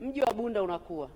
Mji wa Bunda unakuwa,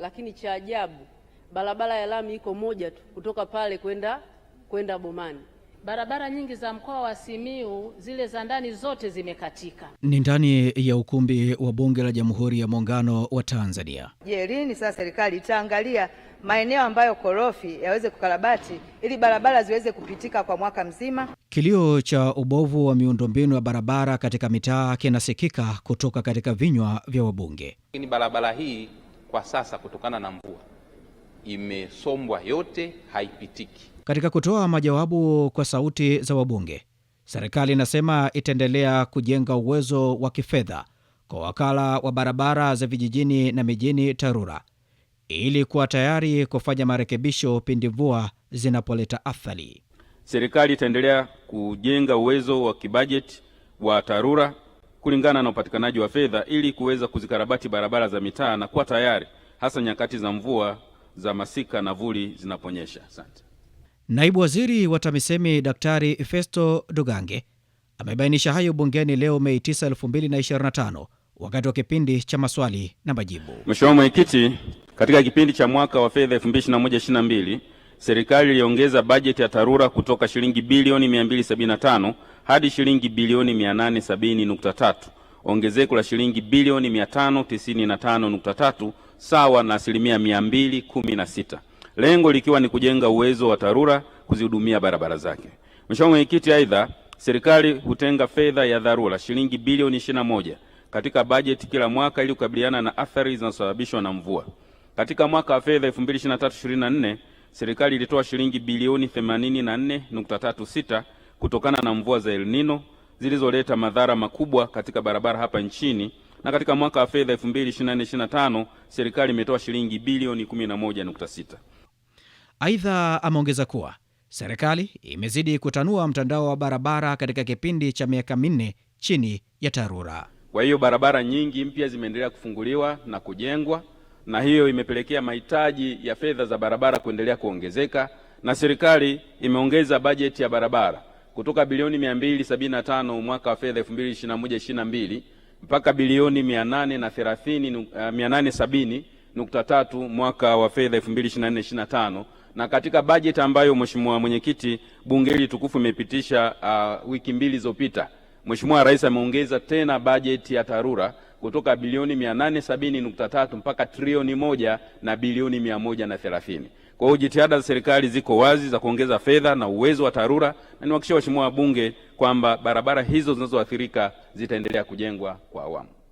lakini cha ajabu barabara ya lami iko moja tu kutoka pale kwenda kwenda Bomani barabara nyingi za mkoa wa Simiu zile za ndani zote zimekatika. Ni ndani ya ukumbi wa Bunge la Jamhuri ya Muungano wa Tanzania. Je, lini sasa serikali itaangalia maeneo ambayo korofi yaweze kukarabati ili barabara ziweze kupitika kwa mwaka mzima? Kilio cha ubovu wa miundombinu ya barabara katika mitaa kinasikika kutoka katika vinywa vya wabunge. Ni barabara hii kwa sasa kutokana na mvua imesombwa yote, haipitiki. Katika kutoa majawabu kwa sauti za wabunge, serikali inasema itaendelea kujenga uwezo wa kifedha kwa wakala wa barabara za vijijini na mijini TARURA ili kuwa tayari kufanya marekebisho pindi mvua zinapoleta athari. Serikali itaendelea kujenga uwezo wa kibajeti wa TARURA kulingana na upatikanaji wa fedha ili kuweza kuzikarabati barabara za mitaa na kuwa tayari hasa nyakati za mvua za masika na vuli zinaponyesha. Asante. Naibu Waziri wa TAMISEMI Daktari Festo Dugange amebainisha hayo bungeni leo Mei 9, 2025 wakati wa kipindi cha maswali na majibu. Mheshimiwa Mwenyekiti, katika kipindi cha mwaka wa fedha 2021/2022 serikali iliongeza bajeti ya TARURA kutoka shilingi bilioni 275 hadi shilingi bilioni 870.3, ongezeko la shilingi bilioni 595.3 sawa na asilimia mia mbili kumi na sita lengo likiwa ni kujenga uwezo wa TARURA kuzihudumia barabara zake. Mheshimiwa Mwenyekiti, aidha serikali hutenga fedha ya dharura shilingi bilioni ishirini na moja katika bajeti kila mwaka ili kukabiliana na athari zinazosababishwa na mvua. Katika mwaka wa fedha 2023/24 serikali ilitoa shilingi bilioni 84.36 kutokana na mvua za El Nino zilizoleta madhara makubwa katika barabara hapa nchini na katika mwaka wa fedha 2024 2025 serikali imetoa shilingi bilioni 11.6. Aidha, ameongeza kuwa serikali imezidi kutanua mtandao wa barabara katika kipindi cha miaka minne chini ya TARURA. Kwa hiyo barabara nyingi mpya zimeendelea kufunguliwa na kujengwa, na hiyo imepelekea mahitaji ya fedha za barabara kuendelea kuongezeka, na serikali imeongeza bajeti ya barabara kutoka bilioni 275 mwaka wa fedha 2021 mpaka bilioni mia nane na eh, nane sabini nukta tatu mwaka wa fedha 2024/25 na katika bajeti ambayo Mheshimiwa Mwenyekiti, bunge hili tukufu imepitisha uh, wiki mbili zilizopita, Mheshimiwa Rais ameongeza tena bajeti ya TARURA kutoka bilioni 870.3 mpaka trilioni moja na bilioni 130. Kwa hiyo jitihada za serikali ziko wazi za kuongeza fedha na uwezo wa TARURA, na niwahakikishie waheshimiwa wabunge kwamba barabara hizo zinazoathirika zitaendelea kujengwa kwa awamu.